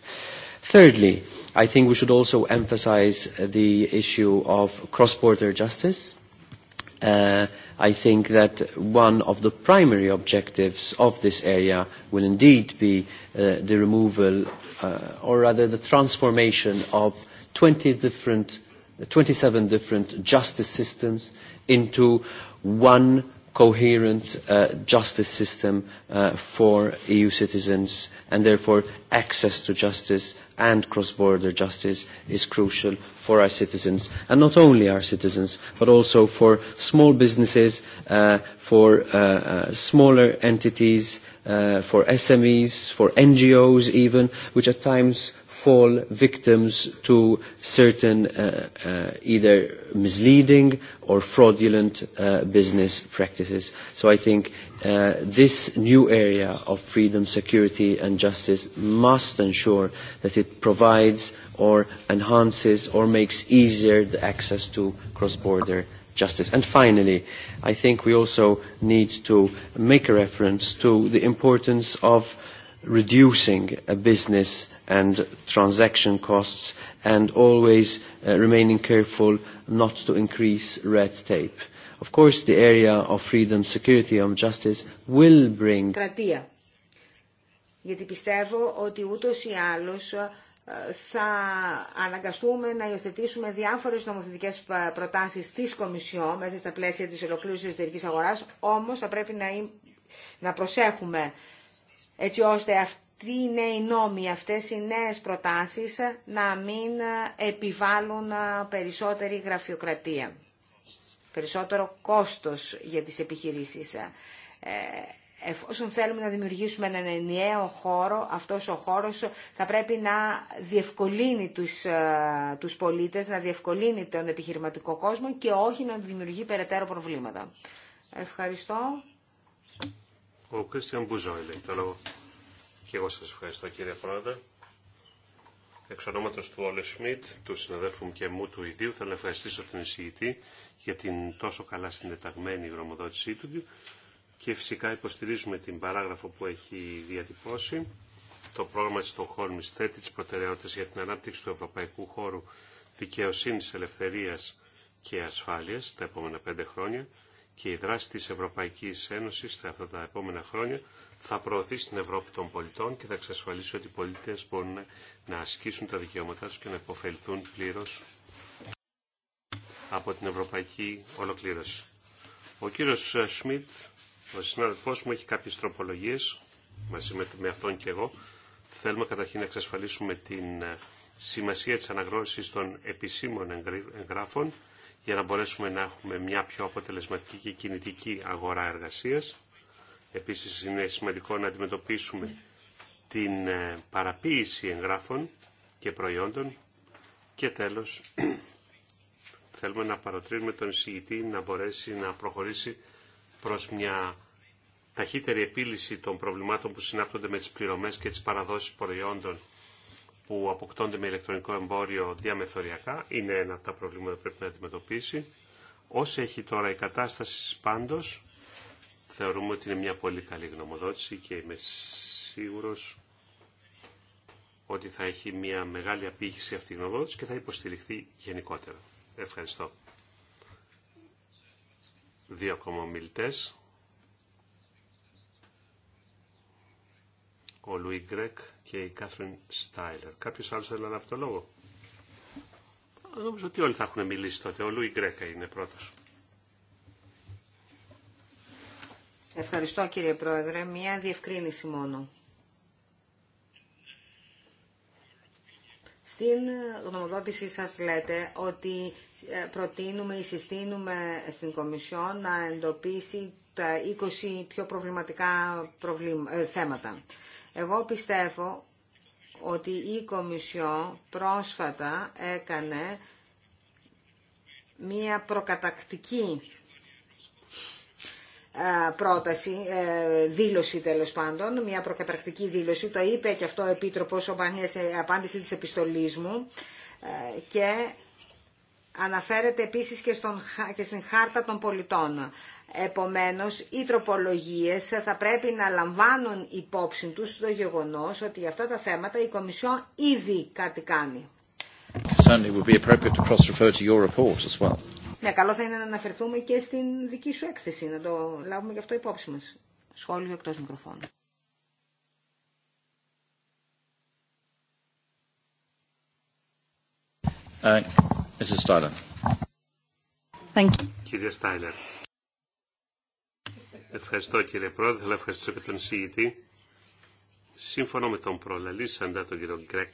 Thirdly, I think we should also emphasize the issue of cross-border justice. I think that one of the primary objectives of this area will indeed be the removal, or rather the transformation of 20 different 27 different justice systems into one coherent justice system for EU citizens and therefore access to justice and cross-border justice is crucial for our citizens and not only our citizens but also for small businesses, for smaller entities, for SMEs, for NGOs even, which at times fall victims to certain either misleading or fraudulent business practices. So I think this new area of freedom, security and justice must ensure that it provides or enhances or makes easier the access to cross-border justice. And finally, I think we also need to make a reference to the importance of reducing a business and transaction costs and always uh, remaining careful not to increase red tape. Of course the area of freedom, security and justice will bring... Γιατί πιστεύω ότι ούτως ή άλλως ε, θα αναγκαστούμε να υιοθετήσουμε διάφορες νομοθετικές ε, προτάσεις της Κομισιό μέσα στα πλαίσια της ολοκλήρωσης της εσωτερικής αγοράς, όμως θα πρέπει να, να προσέχουμε έτσι ώστε τι είναι οι νόμοι, αυτές οι νέες προτάσεις να μην ε, επιβάλλουν ε, περισσότερη γραφειοκρατία, περισσότερο κόστος για τις επιχειρήσεις. Ε, εφόσον θέλουμε να δημιουργήσουμε έναν ενιαίο χώρο, αυτός ο χώρος θα πρέπει να διευκολύνει τους, τους πολίτες, να διευκολύνει τον επιχειρηματικό κόσμο και όχι να δημιουργεί περαιτέρω προβλήματα. Ευχαριστώ. Ο Κρίστιαν και εγώ σας ευχαριστώ κύριε Πρόεδρε. Εξ ονόματος του Όλε Σμιτ, του συναδέλφου μου και μου του ιδίου, θέλω να ευχαριστήσω τον εισηγητή για την τόσο καλά συνδεταγμένη γνωμοδότησή του και φυσικά υποστηρίζουμε την παράγραφο που έχει διατυπώσει. Το πρόγραμμα της Στοχόλμης θέτει τις προτεραιότητες για την ανάπτυξη του ευρωπαϊκού χώρου δικαιοσύνης, ελευθερίας και ασφάλειας τα επόμενα πέντε χρόνια και η δράση της Ευρωπαϊκής Ένωσης τα τα επόμενα χρόνια θα προωθήσει την Ευρώπη των πολιτών και θα εξασφαλίσει ότι οι πολίτες μπορούν να ασκήσουν τα δικαιώματά τους και να υποφελθούν πλήρως από την ευρωπαϊκή ολοκλήρωση. Ο κύριος Σμιτ, ο συνάδελφός μου, έχει κάποιες τροπολογίες, μαζί με αυτόν και εγώ. Θέλουμε καταρχήν να εξασφαλίσουμε την ε, σημασία της αναγνώρισης των επισήμων εγγράφων για να μπορέσουμε να έχουμε μια πιο αποτελεσματική και κινητική αγορά εργασίας. Επίσης είναι σημαντικό να αντιμετωπίσουμε την ε, παραποίηση εγγράφων και προϊόντων και τέλος θέλουμε να παροτρύνουμε τον εισηγητή να μπορέσει να προχωρήσει προς μια ταχύτερη επίλυση των προβλημάτων που συνάπτονται με τις πληρωμές και τις παραδόσεις προϊόντων που αποκτώνται με ηλεκτρονικό εμπόριο διαμεθοριακά. Είναι ένα από τα προβλήματα που πρέπει να αντιμετωπίσει. Όσο έχει τώρα η κατάσταση πάντως, Θεωρούμε ότι είναι μια πολύ καλή γνωμοδότηση και είμαι σίγουρος ότι θα έχει μια μεγάλη απήχηση αυτή η γνωμοδότηση και θα υποστηριχθεί γενικότερα. Ευχαριστώ. Δύο ακόμα ομιλητές. Ο Λουί Γκρέκ και η Κάθριν Στάιλερ. Κάποιος άλλος θέλει να λάβει το λόγο. Νομίζω ότι όλοι θα έχουν μιλήσει τότε. Ο Λουί Γκρέκ είναι πρώτος. Ευχαριστώ κύριε Πρόεδρε. Μία διευκρίνηση μόνο. Στην γνωμοδότησή σας λέτε ότι ε, προτείνουμε ή συστήνουμε στην Κομισιόν να εντοπίσει τα 20 πιο προβληματικά ε, θέματα. Εγώ πιστεύω ότι η Κομισιόν πρόσφατα έκανε μία προκατακτική ε, πρόταση, ε, δήλωση τέλος πάντων, μια προκαταρκτική δήλωση, το είπε και αυτό ο Επίτροπος η σε απάντηση της επιστολής μου ε, και αναφέρεται επίσης και, στον, και στην χάρτα των πολιτών. Επομένως, οι τροπολογίες θα πρέπει να λαμβάνουν υπόψη τους το γεγονός ότι για αυτά τα θέματα η Κομισιόν ήδη κάτι κάνει. Ναι, καλό θα είναι να αναφερθούμε και στην δική σου έκθεση, να το λάβουμε γι' αυτό υπόψη μας. Σχόλιο εκτός μικροφώνου. Uh, Κύριε Στάιλερ. Ευχαριστώ κύριε Πρόεδρε, θέλω και τον συγγητή. Σύμφωνα με τον προλαλήσαντα τον κύριο Γκρέκ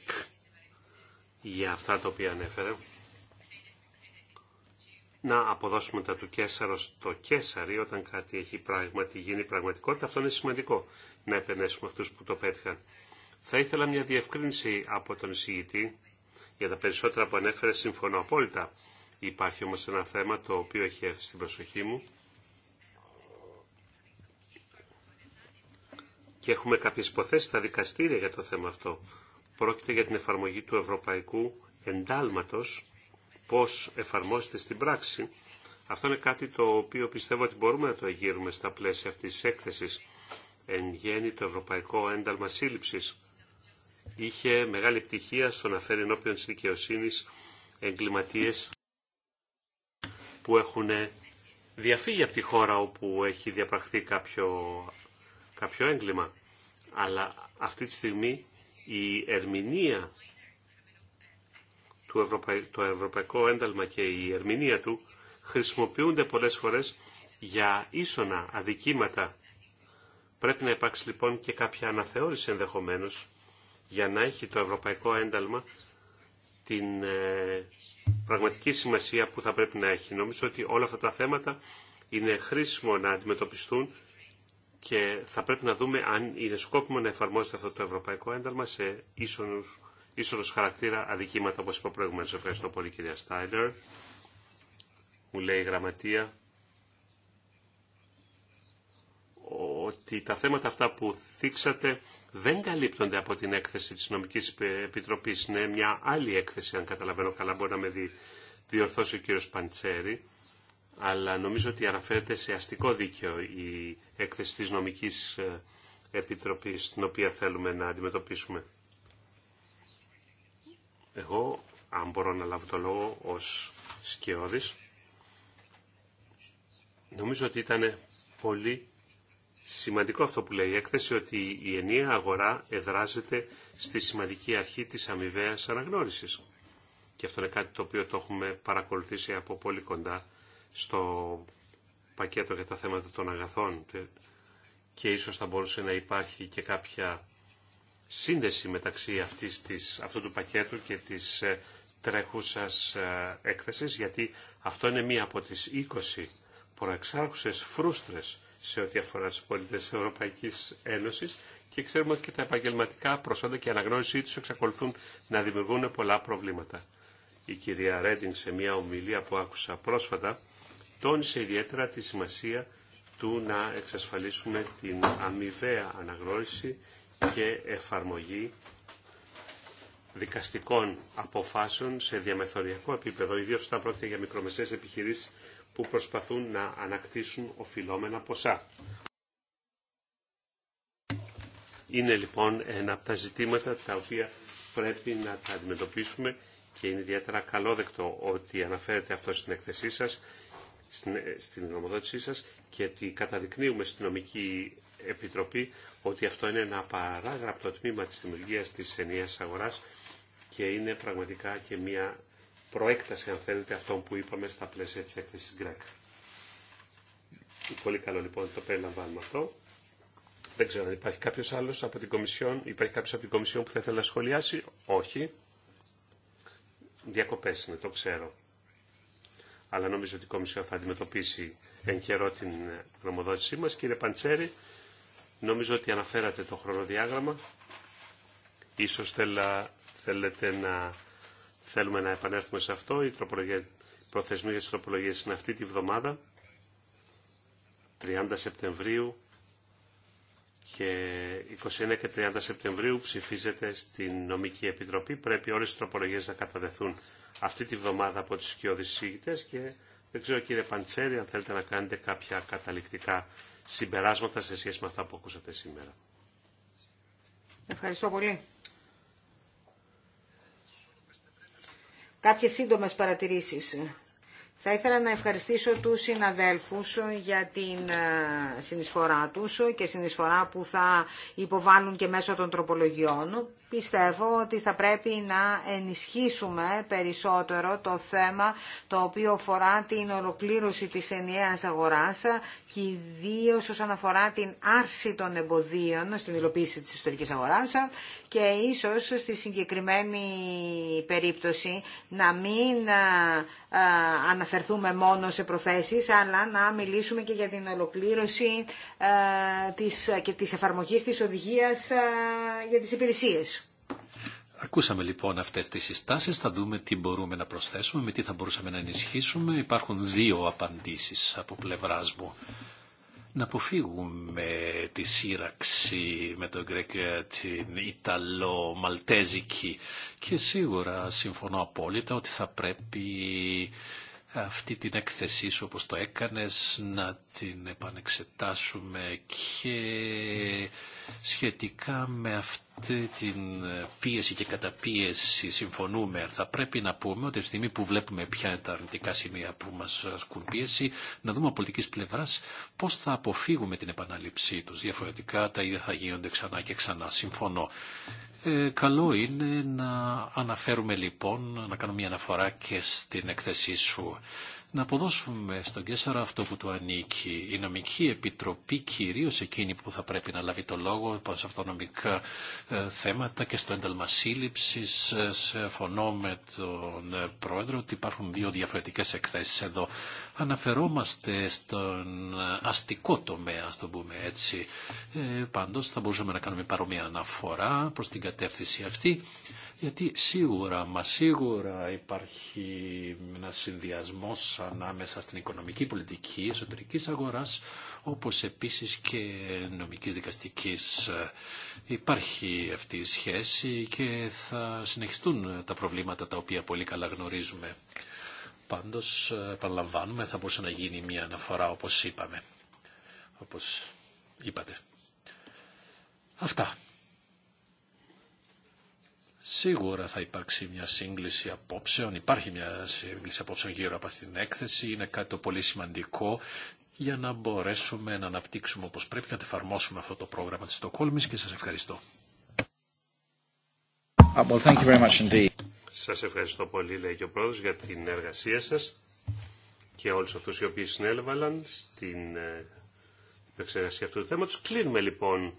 για αυτά τα οποία ανέφερε να αποδώσουμε τα του Κέσαρο στο Κέσαρι όταν κάτι έχει πράγματι γίνει πραγματικότητα. Αυτό είναι σημαντικό να επενέσουμε αυτούς που το πέτυχαν. Θα ήθελα μια διευκρίνηση από τον εισηγητή. Για τα περισσότερα που ανέφερε συμφωνώ απόλυτα. Υπάρχει όμως ένα θέμα το οποίο έχει έρθει στην προσοχή μου. Και έχουμε κάποιες υποθέσεις στα δικαστήρια για το θέμα αυτό. Πρόκειται για την εφαρμογή του ευρωπαϊκού εντάλματος πώς εφαρμόζεται στην πράξη. Αυτό είναι κάτι το οποίο πιστεύω ότι μπορούμε να το εγείρουμε στα πλαίσια αυτής της έκθεσης. Εν γέννη το Ευρωπαϊκό Ένταλμα Σύλληψης είχε μεγάλη πτυχία στο να φέρει ενώπιον της δικαιοσύνης εγκληματίες που έχουν διαφύγει από τη χώρα όπου έχει διαπραχθεί κάποιο, κάποιο έγκλημα. Αλλά αυτή τη στιγμή η ερμηνεία το ευρωπαϊκό ένταλμα και η ερμηνεία του χρησιμοποιούνται πολλές φορές για ίσονα αδικήματα. Πρέπει να υπάρξει λοιπόν και κάποια αναθεώρηση ενδεχομένως για να έχει το ευρωπαϊκό ένταλμα την ε, πραγματική σημασία που θα πρέπει να έχει. Νομίζω ότι όλα αυτά τα θέματα είναι χρήσιμο να αντιμετωπιστούν και θα πρέπει να δούμε αν είναι σκόπιμο να εφαρμόζεται αυτό το ευρωπαϊκό ένταλμα σε ίσονους ίσως χαρακτήρα αδικήματα, όπως είπα προηγουμένως. Ευχαριστώ πολύ κυρία Στάιλερ. Μου λέει η γραμματεία ότι τα θέματα αυτά που θίξατε δεν καλύπτονται από την έκθεση της Νομικής Επιτροπής. Είναι μια άλλη έκθεση, αν καταλαβαίνω καλά, μπορεί να με διορθώσει ο κύριος Παντσέρη. Αλλά νομίζω ότι αναφέρεται σε αστικό δίκαιο η έκθεση της Νομικής ε, Επιτροπής, την οποία θέλουμε να αντιμετωπίσουμε. Εγώ, αν μπορώ να λάβω το λόγο ως σκιώδης, νομίζω ότι ήταν πολύ σημαντικό αυτό που λέει η έκθεση, ότι η ενιαία αγορά εδράζεται στη σημαντική αρχή της αμοιβαία αναγνώρισης. Και αυτό είναι κάτι το οποίο το έχουμε παρακολουθήσει από πολύ κοντά στο πακέτο για τα θέματα των αγαθών και ίσως θα μπορούσε να υπάρχει και κάποια σύνδεση μεταξύ αυτής της, αυτού του πακέτου και της ε, τρέχουσας ε, έκθεσης, γιατί αυτό είναι μία από τις 20 προεξάρχουσες φρούστρες σε ό,τι αφορά τους πολίτες της Ευρωπαϊκής Ένωσης και ξέρουμε ότι και τα επαγγελματικά προσόντα και αναγνώρισή τους εξακολουθούν να δημιουργούν πολλά προβλήματα. Η κυρία Ρέντινγκ σε μια ομιλία που άκουσα πρόσφατα τόνισε ιδιαίτερα τη σημασία του να εξασφαλίσουμε την αμοιβαία αναγνώριση και εφαρμογή δικαστικών αποφάσεων σε διαμεθοριακό επίπεδο, ιδίω όταν πρόκειται για μικρομεσαίες επιχειρήσεις που προσπαθούν να ανακτήσουν οφειλόμενα ποσά. Είναι λοιπόν ένα από τα ζητήματα τα οποία πρέπει να τα αντιμετωπίσουμε και είναι ιδιαίτερα καλόδεκτο ότι αναφέρεται αυτό στην εκθεσή σας, στην, στην σας και ότι καταδεικνύουμε στην νομική Επιτροπή ότι αυτό είναι ένα παράγραπτο τμήμα της δημιουργίας της ενιαίας αγοράς και είναι πραγματικά και μια προέκταση, αν θέλετε, αυτών που είπαμε στα πλαίσια της έκθεσης Γκρέκ. Πολύ καλό λοιπόν το περιλαμβάνουμε αυτό. Δεν ξέρω αν υπάρχει κάποιος άλλος από την Κομισιόν. Υπάρχει κάποιος από την Κομισιόν που θα ήθελε να σχολιάσει. Όχι. Διακοπές είναι, το ξέρω. Αλλά νομίζω ότι η Κομισιόν θα αντιμετωπίσει εν καιρό την γνωμοδότησή μας. Κύριε Παντσέρη, Νομίζω ότι αναφέρατε το χρονοδιάγραμμα. Ίσως θέλετε να θέλουμε να επανέλθουμε σε αυτό. Οι προθεσμοί για τις τροπολογίες είναι αυτή τη βδομάδα, 30 Σεπτεμβρίου και 29 και 30 Σεπτεμβρίου ψηφίζεται στην Νομική Επιτροπή. Πρέπει όλες οι τροπολογίες να καταδεθούν αυτή τη βδομάδα από τους οικειώδεις και δεν ξέρω κύριε Παντσέρη αν θέλετε να κάνετε κάποια καταληκτικά συμπεράσματα σε σχέση με αυτά που ακούσατε σήμερα. Ευχαριστώ πολύ. Κάποιες σύντομες παρατηρήσεις. Θα ήθελα να ευχαριστήσω τους συναδέλφους για την ε, συνεισφορά τους και συνεισφορά που θα υποβάλουν και μέσω των τροπολογιών πιστεύω ότι θα πρέπει να ενισχύσουμε περισσότερο το θέμα το οποίο αφορά την ολοκλήρωση της ενιαίας αγοράς και ιδίω όσον αφορά την άρση των εμποδίων στην υλοποίηση της ιστορικής αγοράς και ίσως στη συγκεκριμένη περίπτωση να μην ε, αναφερθούμε μόνο σε προθέσεις αλλά να μιλήσουμε και για την ολοκλήρωση ε, της, και της εφαρμογής της οδηγίας ε, για τις υπηρεσίες. Ακούσαμε λοιπόν αυτές τις συστάσεις, θα δούμε τι μπορούμε να προσθέσουμε, με τι θα μπορούσαμε να ενισχύσουμε. Υπάρχουν δύο απαντήσεις από πλευράς μου. Να αποφύγουμε τη σύραξη με τον Γκρέκ την Ιταλο-Μαλτέζικη και σίγουρα συμφωνώ απόλυτα ότι θα πρέπει αυτή την έκθεσή σου όπως το έκανες να την επανεξετάσουμε και σχετικά με αυτή την πίεση και καταπίεση συμφωνούμε. Θα πρέπει να πούμε ότι τη στιγμή που βλέπουμε ποια είναι τα αρνητικά σημεία που μας ασκούν πίεση να δούμε από πολιτικής πλευράς πώς θα αποφύγουμε την επανάληψή τους. Διαφορετικά τα ίδια θα γίνονται ξανά και ξανά. Συμφωνώ. Ε, καλό είναι να αναφέρουμε λοιπόν, να κάνουμε μια αναφορά και στην εκθεσή σου να αποδώσουμε στον Κέσσαρα αυτό που του ανήκει. Η νομική επιτροπή, κυρίω εκείνη που θα πρέπει να λάβει το λόγο σε αυτονομικά ε, θέματα και στο ένταλμα σε συμφωνώ με τον ε, Πρόεδρο ότι υπάρχουν δύο διαφορετικέ εκθέσεις εδώ. Αναφερόμαστε στον ε, αστικό τομέα, α το πούμε έτσι. Ε, πάντως θα μπορούσαμε να κάνουμε παρόμοια αναφορά προ την κατεύθυνση αυτή γιατί σίγουρα, μα σίγουρα υπάρχει ένα συνδυασμό ανάμεσα στην οικονομική πολιτική εσωτερική αγορά, όπως επίσης και νομικής δικαστικής. Υπάρχει αυτή η σχέση και θα συνεχιστούν τα προβλήματα τα οποία πολύ καλά γνωρίζουμε. Πάντω, επαναλαμβάνουμε, θα μπορούσε να γίνει μια αναφορά όπως είπαμε, όπως είπατε. Αυτά. Σίγουρα θα υπάρξει μια σύγκληση απόψεων, υπάρχει μια σύγκληση απόψεων γύρω από αυτή την έκθεση, είναι κάτι το πολύ σημαντικό για να μπορέσουμε να αναπτύξουμε όπως πρέπει να εφαρμόσουμε αυτό το πρόγραμμα της Στοκόλμης και σας ευχαριστώ. Uh, well, Σας ευχαριστώ πολύ, λέει και ο Πρόεδρος, για την εργασία σας και όλους αυτούς οι οποίοι συνέλαβαν στην ε, επεξεργασία αυτού του θέματος. Κλείνουμε λοιπόν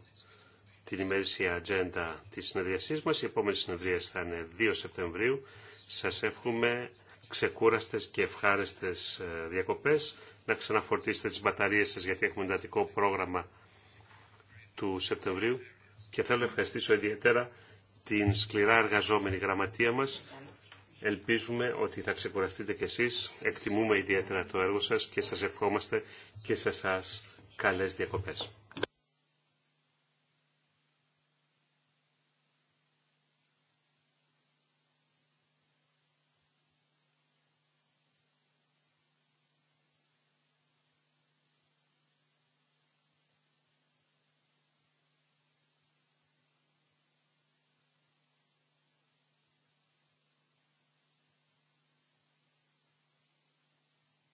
την ημέρησια ατζέντα της συνεδριασής μας. Η επόμενη συνεδρία θα είναι 2 Σεπτεμβρίου. Σας εύχομαι ξεκούραστες και ευχάριστες ε, διακοπές. Να ξαναφορτίσετε τις μπαταρίες σας γιατί έχουμε εντατικό πρόγραμμα του Σεπτεμβρίου. Και θέλω να ευχαριστήσω ιδιαίτερα την σκληρά εργαζόμενη γραμματεία μας. Ελπίζουμε ότι θα ξεκουραστείτε κι εσείς. Εκτιμούμε ιδιαίτερα το έργο σας και σας ευχόμαστε και σε εσά καλές διακοπές.